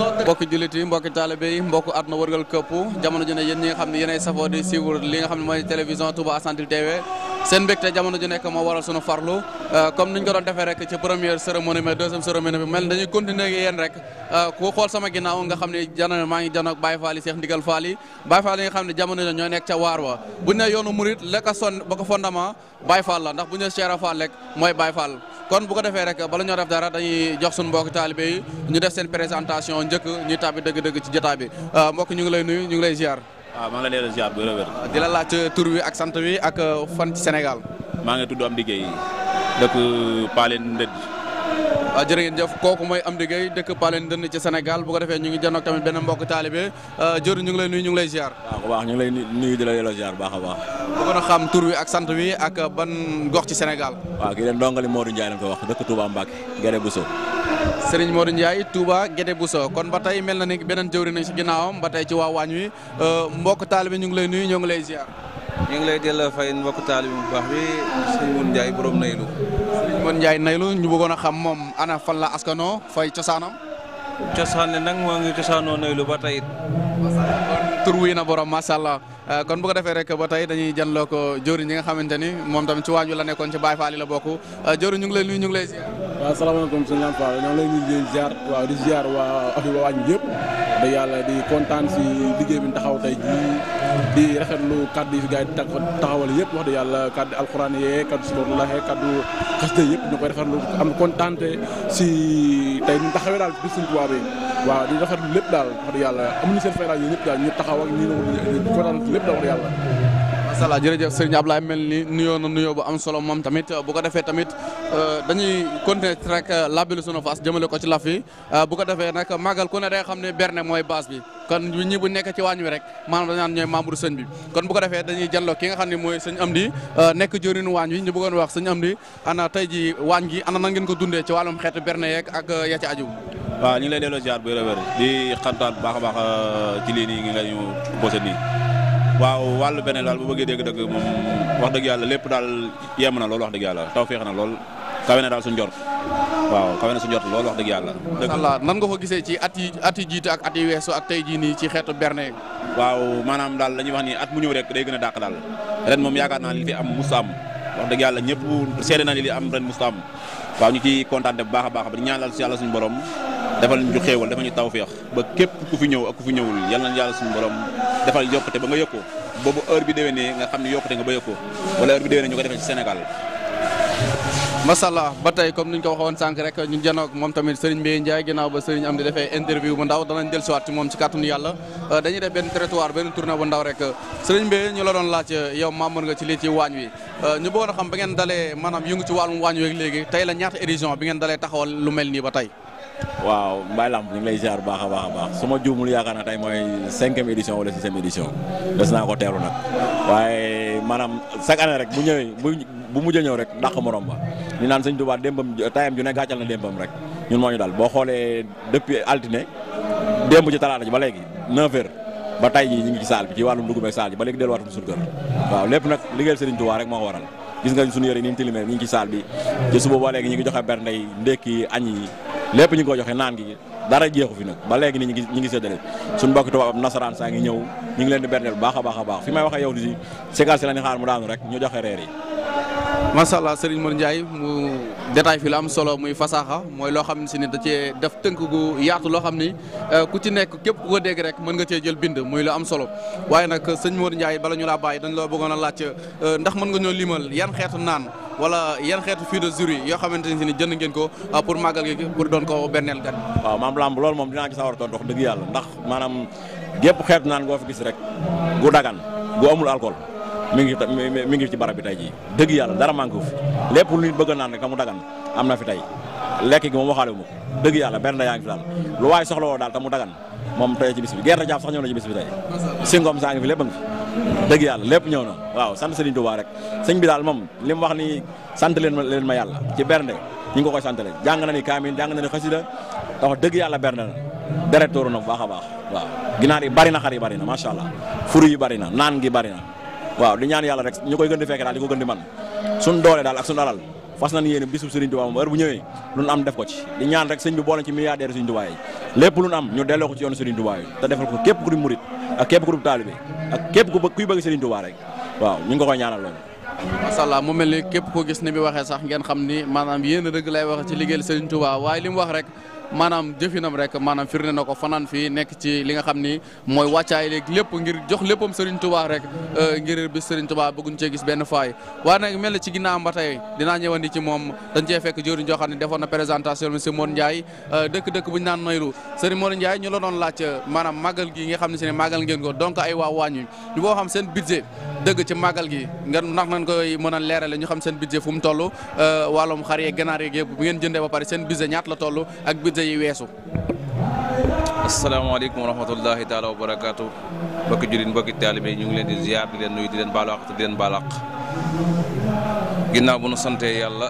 mbokki jullit mbokki taalibe mbokk àdduna wërgal këpp jamono ju ne yéen ñi nga xam ne yéenay safoo di suivre li nga xam ne mooy télévision Touba Argentine TV seen mbégte jamono ju nekk moo waral sunu farlu euh, comme niñ ko doon defee rek ci première cérémonie mais deuxième cérémonie bi mel dañuy continuer ak rek euh, ku xool sama ginnaaw nga xam ne jana maa ngi janoog Baye Fall yi Ndigal Fall yi Baye yi nga xam ne jamono ju ñoo nekk ca waar wa bu ñu ne kon bu ko defee rek bala ñoo def dara dañuy jox suñu mbokk taalibe yi ñu def seen présentation njëkk ñuy tàbbi dëgg-dëgg ci jotaay bi euh, mbokk ñu ngi lay nuyu ñu ngi lay ziar. waaw maa ngi lay ziar bu euh, la laaj tur wi ak sant wi ak fan ci Sénégal. maa ngi tudd Amdy Gueye dëkk Paline Ndëdd waaw ah, jërë ngeen jëf kooku mooy am Amdy Gueye dëkk Paleen Dënn ci Sénégal bu ko defee ñu ngi jënd ak tamit benn mbokk taalibe ah, jëru ñu ngi lay nuyu ñu ngi lay ziar. waaw bu baax ñu ngi lay la yelloo ziar baax a baax. tur wi ak sant wi ak ban gox ci Sénégal. waaw kii de ndongali Modou Ndiaye lañ ko wax dëkk Touba Mbacké Guédé Bousso. Serigne Modou Ndiaye Touba Guédé Bousso kon ba tey mel na ni beneen jëwri nañ si ginnaawam ba tey ci waa waañ wi ah, mbokk taalibe ñu ngi lay nuyu ñoo ngi lay ziar. ñu ngi lay delloo fay mbokk taalibe bu baax bi Serigne Modou Ndiaye borom naylu Bon Ndiaye Naylu ñu bëggoon a xam moom ana fan la askano fay cosaanam. cosaan ne nag moo ngi cosaanoo Naylu ba tey it. tur wi na borom macha allah euh, kon bu defee rek ba tey dañuy janloo ko Diori ñi nga xamante ni moom tamit ci waañ wi la nekkoon ci Baye Fall la bokk Diori euh, ñu ngi lay nuyu ñu ngi lay ziar. waaw salaamaaleykum sëñ Lampa ñoo ngi lay nuyu di ziar waaw di ziar waa waa waañ yëpp. da yàlla di kontaan si liggéey bi taxaw tey jii di rafetlu kaddu yi fi gars yi taxawal yëpp wax dëgg yàlla kaddu alxuraan yee kaddu sukurlaxe kaddu xasida yëpp ñu koy rafetlu am kontaan si tey ñu taxawee daal bi suñ tubaab yi waaw di rafetlu lépp daal wax dëgg yàlla amuñu seen fay daal yooyu ñëpp daal ñu taxaw ak ñi ñu kontaan lépp daal wax yàlla. macha allah jërëjëf Serigne Ablaye mel ni nuyoo na nuyoo bu am solo moom tamit bu ko defee tamit. Euh, dañuy konte rek euh, labelu sunu fas jëmale ko ci laf yi euh, bu ko defee nag màggal ku ne day xam ne berne mooy base bi kon ñi bu nekk ci waañ wi rek maanaam dañu naan ñooy membre sëñ kon bu ko defee dañuy jàlloo ki nga xam ne mooy sëñ Amdi nekk jëriñu waañ wi ñu bëggoon wax sëñ Amdi ana tey ji waañ gi ana nan ngeen ko dundee ci wàllum xeetu berne yeeg ak ya ci aju waaw ñu ngi lay delloo ziar bu wér a wér di xantaan baax baax ci lii nii ngi nga ñu posé nii waaw wàllu beneen daal bu bëggee dégg dëgg moom wax dëgg yàlla lépp daal yem na lool wax dëgg yàlla taw feex na lool kawe na daal suñ jor waaw kawe na suñ jort lool wax dëgg yàlla allah nan nga ko gisee ci at yi at yi jiitu ak at yi weesu ak tey jii nii ci xeetu berne waaw maanaam daal dañuy wax ni at mu ñëw rek day gën a dàq daal ren moom yaakaar naa li fi am musta am wax dëgg yàlla ñëpp seede na li li am ren musta am waaw ñu ci kontaan bu baax a baax ba ñaan si yàlla suñu borom defal ñu xéewal dafa ñu tawféex ba képp borom defal yokkute ba nga yokkoo boobu heure bi déwénee nga xam ne yokkute nga ba yokkoo wala heure ñu ko defee Sénégal. masalla ba tey comme ni ñu ko waxoon sànq rek ñu janoog moom ba Serigne am di defee interview bu ndaw danañ moom ci kàttanu yàlla euh, dañuy def benn territoire benn tournée bu rek Serigne Mbaye ñu la doon laaj yow membre nga ci lii ci waañ wi euh, ñu bëggoon a xam ba ngeen dalee maanaam yëngu ci wàllum waañ bi ngeen dalee waaw Mbaye Lamp ñu ngi lay ziar bu baax a baax a baax su ma juumul yaakaar naa tey mooy cinquième édition wala sixième édition des naa ko teeru nag waaye maanaam chaque année rek bu ñëwee bu bu mujj a ñëw rek dàq morom ba ñu naan sëñ Tuubaa démbam tayam ju ne gàccal na démbam rek ñun moo ñu dal boo xoolee depuis altine démb ci talaata ji ba léegi 9h ba tay ji ñu ngi ci saal bi ci wàllum dugub ak saal ji ba léegi delluwaatuñu suñu kër waaw lépp nag liggéeyal sëriñ Tuubaa gis nga suñu yëre ni ñu tilimee ñu ngi saal bi ci suba ba léegi ñu ngi joxe bernde yi ndékki añ yi lépp ñu ko joxe naan gi dara jeexu fi nag ba léegi ni ñu ngi ñu ngi séddale suñu mbokki nasaraan saa ngi ñëw ñu ngi leen di berndeel baax a baax a baax fi may waxee yow di si segal si la ni xaar mu daanu rek ñu joxe reer yi macha allah Serigne Mor détail fi la am solo muy fasaaxa mooy loo xam ne si ni da cee def tënk gu yaatu loo xam ni euh, ku ci nekk képp ku ko dégg rek mën nga cee jël bind muy la am solo waaye nag euh, sëñ Modou Ndiaye bala ñu laa bàyyi dañ loo bëggoon a laaj euh, ndax mën nga ñoo limal yan xeetu naan wala yan xeetu fii de jury yoo xamante ne si ni jënd ngeen ko pour màggal gi pour doon ko benneel gan. waaw maam lamb lool moom dinaa ci sawar a tontu wax dëgg yàlla ndax maanaam gépp xeetu naan goo fa gis rek gu dagan gu amul alcool. mi ngi mi ngi ci barab bi tey jii dëgg yàlla dara manqué fi lépp lu nit bëgg a naan rek mu dagan am na fi tey lekk gi moom waxaale wu ma dëgg yàlla benn yaa ngi fi daal lu waaye soxla woo daal te mu dagan moom tey ci bis bi gerte jaaf sax ñëw na ci bis bi tey singom saa ngi fi lépp a ngi dëgg yàlla lépp ñëw na waaw sant Serigne waa rek sëñ bi daal moom li mu wax ni sant leen ma leen ma yàlla ci bernde ñu ngi ko koy santale jàng na ni kaamil jàng na ni xasida tax dëgg yàlla bernde na deret tóoru baax a baax waaw ginaar yi bari na xar yi bari na macha allah furu yi bari na naan gi bari na waaw di ñaan yàlla rek ñu koy gën di fekke daal di ko gën di man suñ doole daal ak suñu alal fas nañ yéene bisub Serigne Touba moom bu ñëwee luñ am def ko ci di ñaan rek sëñ bi boole ci milliardaire Serigne Touba yi lépp luñ am ñu delloo ko ci yoonu Serigne Touba yi defal ko képp ku di murit ak képp ku di taalibe ak képp ku kuy bëgg Serigne Touba rek waaw ñu ngi ko koy ñaanal loolu macha mu mel ni képp ko gis ni bi waxee sax ngeen xam ni maanaam yéen a dëgg lay wax ci liggéeyal Serigne Touba li wax rek maanaam jëfinam rek maanaam firnde na ko fanaan fii nekk ci li nga xam ni mooy wàccaay léegi lépp ngir jox léppam Serigne Touba rek euh, ngir bis Serigne Touba bëgguñ cee gis benn faay waaye nag mel na ci ginnaaw ba tey dinaa ñëwandi ci moom dañ cee fekk jëriñ xam ne defoon na présentation bi si Mor euh, dëkk-dëkk bu ñu naan noylu Serigne Mor Ndiaye ñu la doon laaj euh, maanaam màggal gi nga xam ne si ne màggal ngeen ko donc ay waa wàññi ñu boo xam seen budget dëgg ci màggal gi ngeen ndax nañ koy mën a leerale ñu xam seen budget fu mu toll wàllum xar yeeg ganaar yeeg yëpp bu ngeen jëndee ba pare seen budget ñaat la toll yi weesu asalaamaaleykum wa rahmatullahi taala wa barakaatu mbokki jullit mbokki taalibe ñu ngi leen di ziar di leen nuyu di leen baalu àq te di leen baalu ginnaaw bu nu santee yàlla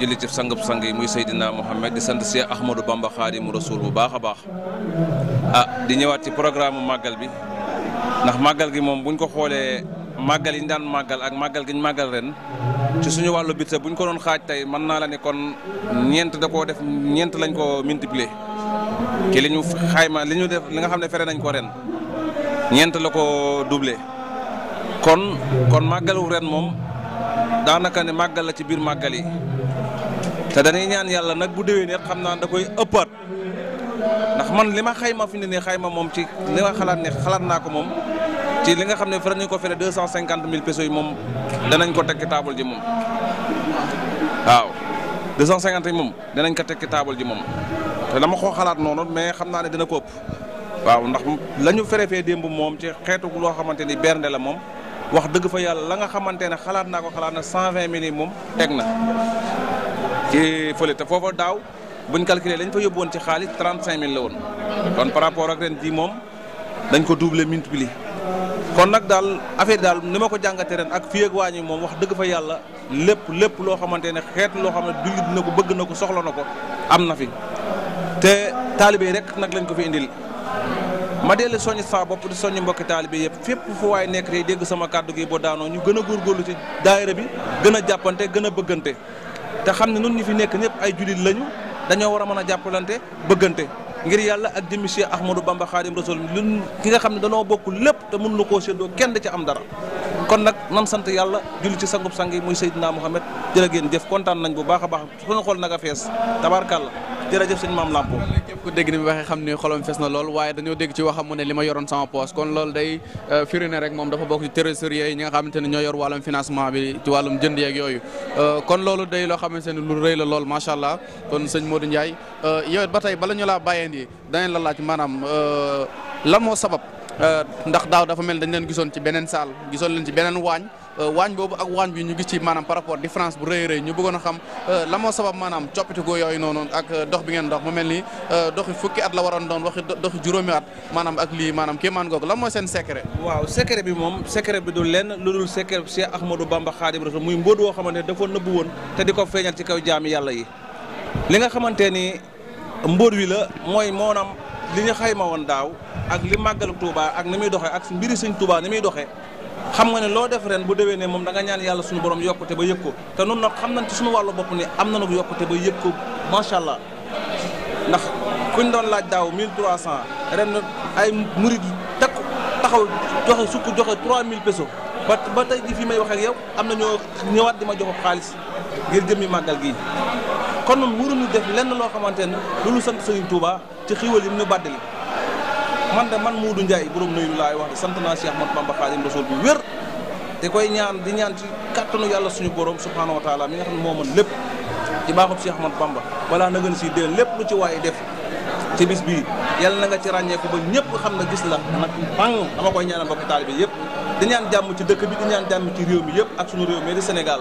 jëli ci sangub sang yi muy Seydina Mohamed di sant Cheikh Ahmadou Bamba Xaadimu Rasuul bu baax a baax ah di ñëwaat ci programme màggal bi ndax màggal gi moom buñ ko xoolee màggal yi ñu daan màggal ak màggal gi ñu màggal ren ci suñu wàllu budget bu ñu ko doon xaaj tey man naa la ne kon ñeent da koo def ñeent lañ ko multiplier ci li ñu xayma li def li nga xam ne fere nañ ko ren ñeent la ko duble kon kon màggalu ren moom daanaka ne màggal la ci biir màggal yi te dañuy ñaan yàlla nag bu déwénee xam naa da koy ëppaat ndax man li ma xayma fi ne nii xayma moom ci li ma xalaat ne xalaat naa ko moom. ci li nga xam ne fa nañ ko fere deux cent cinquante mille pesos yi moom danañ ko tekki taabal ji moom waaw deux cent cinquante moom danañ ko tekki taabal ji moom te dama ko xalaat noonu mais xam naa ne dana ko ëpp waaw ndax la ñu fere fee démb moom ci xeetu loo xamante ni bernde la moom wax dëgg fa yàlla la nga xamante ne xalaat naa ko xalaat na cent vingt mille yi moom teg na ci fële te foofa daaw buñ calculer lañ fa yóbbu woon ci xaalis trente cinq mille la woon kon par rapport ak ren jii moom dañ ko doubler multiplier kon nag daal affaire daal ni ma ko jàngatee ren ak fii ak waa ñi moom wax dëgg fa yàlla lépp lépp loo xamante ne xeet loo xam ne jullit na ko bëgg na ko soxla na ko am na fi te taalibe yi rek nag lañ ko fi indil. ma dellu soññ saa bopp di soññ mbokki taalibe yëpp fépp fu waay nekk tey dégg sama kàddu gi boo daanoo ñu gën a góorgóorlu ci daayira bi gën a jàppante gën a bëggante te xam ne nun ñu fi nekk ñëpp ay jullit lañu dañoo war a mën a jàppalante bëggante. ngir yàlla ak jëmmi Cheikh Ahmadou Bamba Xaadim Rasul lu ki nga xam ne danoo bokk lépp te mën na koo séddoo kenn da ca am dara kon nag nan sant yàlla julli ci sangub sang yi muy Seydina Mouhamed jërë ngeen jëf kontaan nañ bu baax a baax suñu xool nag a fees tabaarkàlla jërëjëf sëñ maam Lampo ku dégg ni mu waxee xam ni xolam fees na lool waaye dañoo dégg ci waxam mu ne li yoroon sama poos kon loolu day euh, firi ne rek moom dafa bokk ci trésorier yi ñi nga xamante ne ñoo yor wàllum financement bi ci wàllum jënd yeeg yooyu euh, kon loolu day loo xamante ne lu rëy la lool macha allah kon sëñ Modou Ndiaye euh, yow ba tey bala ñu laa bàyyeen danañ la laaj maanaam lan moo sabab ndax daaw dafa mel dañ leen gisoon ci beneen saal gisoon leen ci beneen waañ Euh, waañ boobu ak waañ bi ñu gis ci maanaam par rapport différence bu rëy rëy ñu bëggoon a xam euh, la moo sabab maanaam coppitiku yooyu noonu ak euh, dox bi ngeen dox mu mel ni doxi fukki at la waroon doon waxi doxi juróomi at maanaam ak lii maanaam kéemaan googu lan mooy seen secret waaw secret bi moom secret bi du lenn lu dul secret bi Cheikh Ahmadou Bamba Khadim Rasoul muy mbóot woo xamante ne dafa nëbbu woon te di ko feeñal ci kaw jaami yàlla yi li nga xamante ni mbóot wi la mooy moonam li ñu xayma woon daaw ak li màggalu Touba ak ni muy doxee ak mbiri sëñ Touba ni muy doxe xam nga ne loo def ren bu ne moom danga ñaan yàlla suñu borom yokkute ba yëg ko te nun nag xam nañ ci suñu wàllu bopp ni am nañu yokkute ba yëg ko macha allah ndax kuñ doon laaj daaw 1300 ren ay murid yu takk taxaw joxe sukk joxe 3000 pesos ba ba tey jii fi may wax ak yow am na ñoo ñëwaat di ma jox xaalis ngir jëmmi màggal gii kon nun waruñu def lenn loo xamante ne lu sant Sëriñ Tuuba ci xiiwal yi mu ñu bàddali man de man Moodu Ndiaye borom yu laay wax de sant naa Cheikh Ahmadou Bamba Khadim Rasoul bu wér te koy ñaan di ñaan ci kàttanu yàlla suñu borom subhanahu wa taala mi nga xam ne moo lépp ci baaxub Cheikh Ahmadou Bamba balaa na gën si déen lépp lu ci waaye def ci bis bii yàlla na nga ci ràññeeku ba ñëpp xam na gis la nag bang dama koy ñaanal mbokki taalibe bi yëpp di ñaan jàmm ci dëkk bi di ñaan jàmm ci réew mi yëpp ak suñu réew mi di Sénégal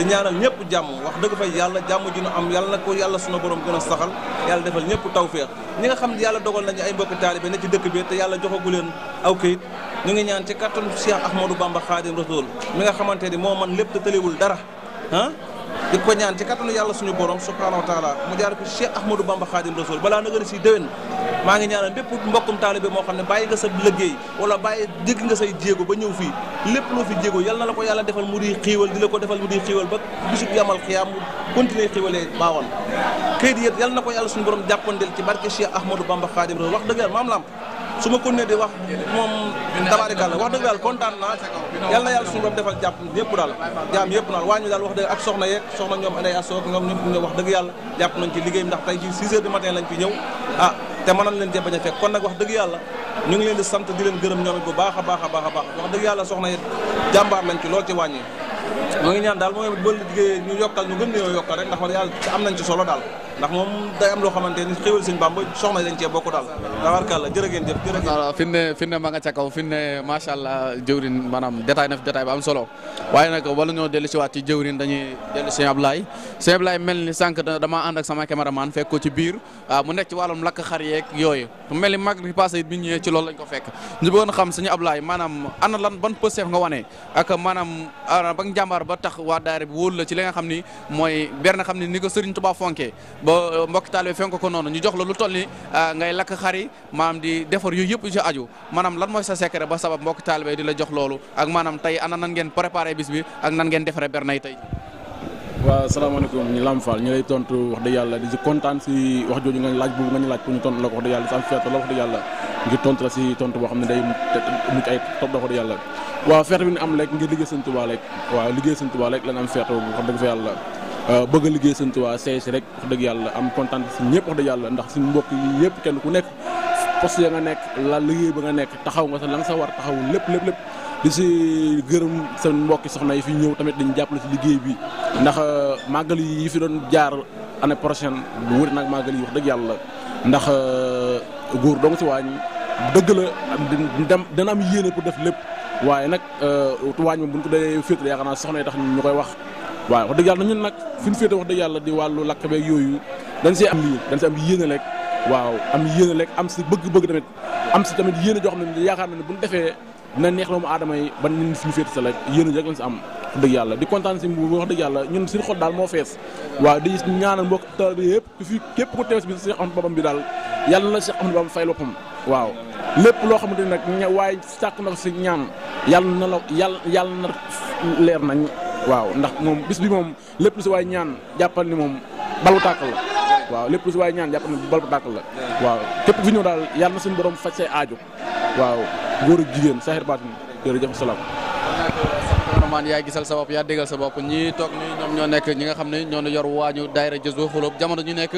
di ñaanal ñëpp jàmm wax dëgg fa yàlla jàmm ji nu am yàlla na ko yàlla sunu borom gën a saxal yàlla defal ñëpp tawféex ñi nga xam ne yàlla dogal nañu ay mbokki taalibe ne ci dëkk bi te yàlla joxagu leen aw kayit ñu ngi ñaan ci kàttanu Cheikh Ahmadou Bamba Khadim Rasoul mi nga xamante ni moo man lépp te tëliwul dara ah di ko ñaan ci kattanu yàlla suñu borom subhanahu wa taala mu jaar ko Cheikh Ahmadou Bamba Khadim Rasoul balaa na a si déwén maa ngi ñaanal bépp mbokkum taalibe moo xam ne bàyyi nga sa liggéey wala bàyyi jégg nga say jéego ba ñëw fii lépp loo fi jéego yal na la ko yàlla defal mu di xiiwal di la ko defal mu di xiiwal ba bisub yamal xiyaam mu continuer xiiwalee baawal këyit yëpp yal na ko yàlla suñu borom jàppandel ci barke Cheikh Ahmadou Bamba Khadim Rasoul wax dëgg su ma ko nee di wax moom tabaarikàlla wax dëgg daal kontaan naa yal na yàlla suñu borom defal jàpp ñëpp daal jaam yëpp daal waa ñu daal wax dëgg ak soxna yeeg soxna ñoom anday asoog ñoom ñëpp ñu wax dëgg yàlla jàpp nañ ci liggéey ndax tey ci 6 heures du matin lañ fi ñëw ah te mënoon leen cee a fekk kon nag wax dëgg yàlla ñu ngi leen di sant di leen gërëm ñoom bu baax a baax a baax a baax wax dëgg yàlla soxna yi jàmbaar lañ ci lool ci wàññi moo ngi ñaan daal mooy ba liggéey ñu yokkal ñu gën ñoo yokkal rek ndax wax yàlla am nañ ci solo daal ndax moom day am loo xamante ni xéwal sëñ Bamba soxna dañ cee bokk daal tabarkàlla jërë ngeen jëf jërë ngeen jëf fi mu ne fi mu ma nga ca kaw fi mu ne macha allah jëwrin maanaam détail na fi détail ba am solo waaye nag wala ñoo dellu waat ci jëwrin dañuy dellu sëñ Ablaye sëñ mel ni sànq damaa ànd ak sama caméraman fekk ko ci biir ah, mu nekk ci lakk xar yooyu mel ni mag bi passé bi ñëwee ci loolu ko fekk ñu bëggoon xam sëñ Ablaye maanaam ana lan ban pëseef nga wane ak maanaam ah, ba njàmbaar war ba tax waa daara bi wóolu la ci li nga xam ni mooy ber xam ni ni ko Serigne Touba fonkee ba euh, mbokki taalibe fenk ko noonu ñu jox la lu toll ni euh, ngay lakk xari maam di defar yooyu yëpp ci aju maanaam lan mooy sa secret ba sabab mbokki taalibe di la jox loolu ak maanaam tey ana nan ngeen préparé bis bi ak nan ngeen defaree ber nay tey. waaw salaamaaleykum ñu Lam Fall ñu lay tontu wax dëgg yàlla di si kontaan si wax jooju nga laaj boobu nga ñu laaj pour ñu tontu la ko wax dëgg yàlla si am fierté la wax si tontu boo xam ne day mucc ay top la waaw feete bi ñu am rek ngir liggéey sëñ Tuubaa rek waaw liggéey sëñ Tuubaa rek lañ am feete bu wax dëgg fa yàlla euh, bëgg a liggéey sëñ Tuubaa seey si rek wax dëgg yàlla am kontaan si ñëpp wax dëgg yàlla ndax suñu mbokk yi yëpp kenn ku nekk poste ya nga nekk la liggéey ba nga nekk taxaw nga sa la nga sa taxaw lépp lépp lépp di si gërëm seen mbokki soxna yi fi ñëw tamit dañu jàppale si liggéey bi ndax euh, màggal yi fi doon jaar année prochaine bu wër nag màggal yi wax dëgg yàlla ndax euh, góor dong si wàññi dëgg la dana am yéene pour def lépp waaye nag euh, waañ moom bu ñu ko dee féetale yaakaar naa soxna yi tax ñu koy wax waaye wax dëgg yàlla ñun nag fi ñu féete wax dëgg yàlla di wàllu lakk beeg yooyu dañ see am lii dañ see am yéene waaw am yéene lekk am si bëgg-bëgg tamit am si tamit yéene joo xam ne yaakaar na ne bu ñu defee neex doomu aadama yi ba nit fi ñu féete sa lekk yéene rek lañ si am wax dëgg yàlla di kontaan si bu wax dëgg yàlla ñun suñu xol daal moo fees waaw di ñaanal mbokk taal bi yëpp ku képp ku teew bi si am boppam bi daal yàlla na si am boppam fay boppam waaw lépp loo xamante ni nag ña waaye sàkk na si ñaan yàlla na la yàlla yàlla na leer nañ waaw ndax moom bis bi moom lépp lu si waay ñaan jàppal ni moom balu tàkk la waaw lépp lu si waay ñaan jàppal ni balu tàkk la waaw képp fi ñëw daal yàlla na suñu borom faj say aajo waaw góor ak jigéen saxir baatin yaa gisal sa bopp yaa déggal sa bopp ñi toog ni ñoom ñoo nekk ñi nga xam ne ñoo yor waañu daayira Jazbul Xuloob jamono ñu nekk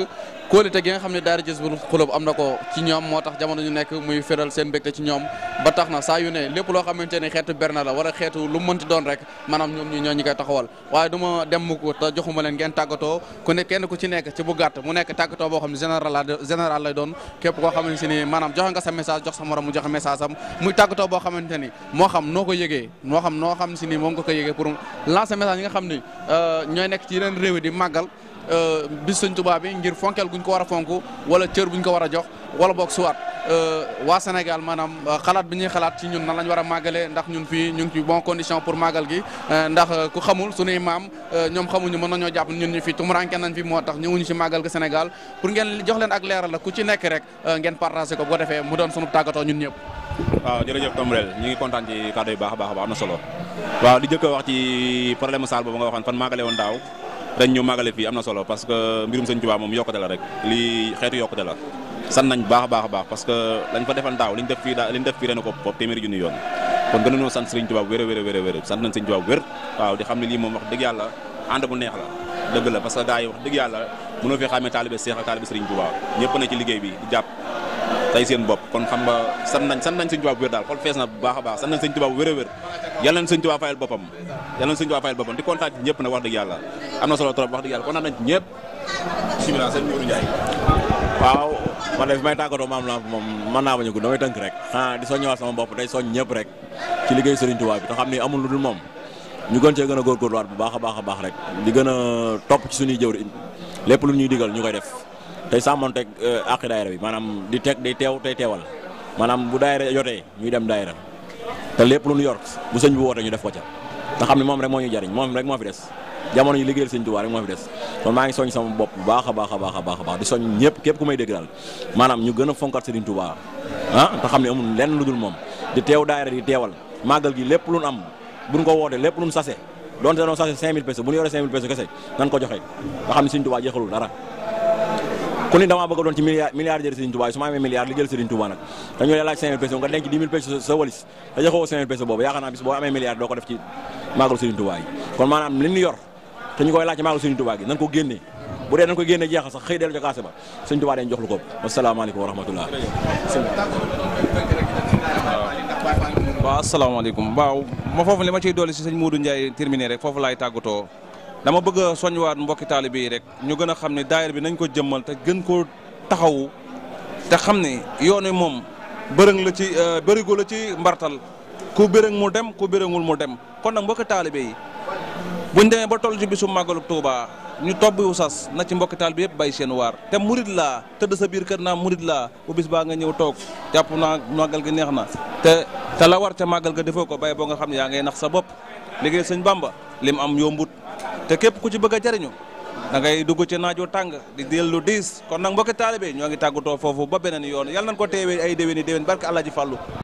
kóolite gi nga xam ne daara Jazbul Xulub am na ko ci ñoom moo tax jamono ñu nekk muy feral seen mbégte ci ñoom ba tax na saa yu ne lépp loo xamante ne xeetu berna la wala xeetu lu mënti doon rek maanaam ñoom ñi ñoo ñu koy taxawal waaye du ma dem ko te joxuma leen ngeen tàggatoo ku ne kenn ku ci nekk ci gàtt mu nekk tàggatoo boo xam ne général général lay doon képp koo xamante ni maanaam joxe nga sa message jox sa morom mu joxe message am muy tàggatoo boo xamante ni moo xam noo ko yëgee moo xam noo xam si ni moom nga ko yëgee pour lancer message yi nga xam ni euh, ñooy nekk ci yeneen di màggal Euh, bis suñ Tuubaa bi ngir fonkel guñ ko war a fonk wala cër buñ ko war a jox wala boog suwaat euh, waa Sénégal maanaam euh, xalaat bi ñuy xalaat ci ñun nan lañ war a màggalee ndax ñun fi ñu ngi ci bon condition pour màggal gi ndax ku xamul suñuy maam ñoom xamuñu mën nañoo jàpp ñun ñu fi tumuranke nañ fi moo tax ñëwuñu ci màggal gi Sénégal pour ngeen jox leen ak leeral la ku ci nekk rek ngeen partagé ko bu ko defee mu doon sunu tàggatoo ñun ñëpp. waaw jërëjëf Tombrel ñu ngi kontaan ci kàddu yi baax a baax am na solo waaw di jëkk wax ci problème saal boobu nga waxoon fan màggale woon daaw ren ñu màggale fii am na solo parce que mbirum sëñ Tuubaa moom yokkute la rek lii xeetu yokkute la san nañ baax a baax baax parce que lañ fa defal daaw liñ def fii liñ def fii ren ko foofu téeméeri junni yoon kon gën sant sëriñ Tuubaa wér wér wér wér sant nañ sëñ Tuubaa wér waaw di xam ne lii moom wax dëgg yàlla ànd bu neex la dëgg la parce que gars wax dëgg yàlla mënoo fi xàmmee taalibe seex ak taalibe sëriñ Tuubaa ci liggéey tey seen bopp kon xam nga san nañ san nañ sëñ Tuubaa bu wér daal xol fees na bu baax a baax san nañ sëñ Tuubaa bu wér a wér yal nañ sëñ Tuubaa fayal boppam di kontaan ci ñëpp nag wax dëgg yàlla am na solo trop wax dëgg yàlla kontaan nañ ci ñëpp simila sëñ Mourou Ndiaye waaw man de fi may tàggatoo maam lamp moom mën naa bañ a gudd damay rek ah di soññewaat sama bopp day soññ ñëpp rek ci liggéey sëriñ Tuubaa bi te xam ni amul lu dul moom ñu gën cee gën a góorgóorluwaat bu baax a baax a baax gën a topp ci suñuy jëwriñ lépp lu ñuy digal ñu koy def tey sàmmonteeg euh, àq daayira bi maanaam di teg day teew tey teewal maanaam bu daayira jotee ñuy dem daayira te lépp lu ñu yor bu sëñ bi wootee ñu def ko ca te xam ne moom rek moo ñu jariñ moom rek moo fi des jamono ñu liggéeyal sëñ Tuubaa rek moo fi des kon maa ngi soñ sama bopp bu baax a baax a baax a baax baax di soñ ñëpp képp ku may dégg daal maanaam ñu gën a fonkat sëriñ Tuubaa ah, te xam ne amul lenn lu dul moom di teew daayira di teewal màggal gi lépp lu ñu am buñ ko wootee lépp lu ñu sase doonte doon sase 5000 pesos bu ñu yoree 5000 ko joxe nga xam ne sëñ Tuubaa dara ku ni damaa bëgg a doon ci milliard milliardaire Serigne Touba su ma amee milliard li jël Serigne Touba nag dañoo lay laaj 5000 pesos nga denc 10 000 pesos sa walis da joxoo 5000 pesos boobu yaakaar naa bis boo amee milliard ko def ci màggal Serigne Touba yi kon maanaam li ñu yor te ñu koy laaj ci màggal Serigne Touba ko génnee bu dee nañ ko génnee jeexal sax xëy dellu ca kaase ba Serigne Touba dañ jox lu ko asalaamaaleykum wa rahmatullah waaw asalaamaaleykum waaw ma foofu li ma ciy dolli si sëñ Modou Ndiaye terminé foofu laay tàggatoo dama bëgg a soñwaat mbokki taalibe yi rek ñu gën a xam ne daayira bi nañ ko jëmmal te gën koo taxawu te xam ne yoon wi moom bërëng la ci euh, bërigo la ci mbartal ku bërëng mu dem ku bërëngul mu dem kon nag mbokki taalibe yi bu demee ba toll ci bisu màggalu Tuuba ñu tobb wu sas na ci mbokki taalibe yëpp bay seen waar te murit laa tëdd sa biir kër naa murit laa bu baa nga ñëw toog jàpp naa màggal gi neex na te te la war ca màggal ga defoo ko bay boo nga xam ne yaa ngay nax sa bopp liggéey sëñ Bamba lim am yombut te képp ku ci bëgg a jariñu da ngay dugg ci naaju tàng di del lu diis kon nag mbokki taalibe ñoo ngi tàggatoo foofu ba beneen yoon yàlla nañ ko teewee ay déwéni déwén barke Alaaji Fàllu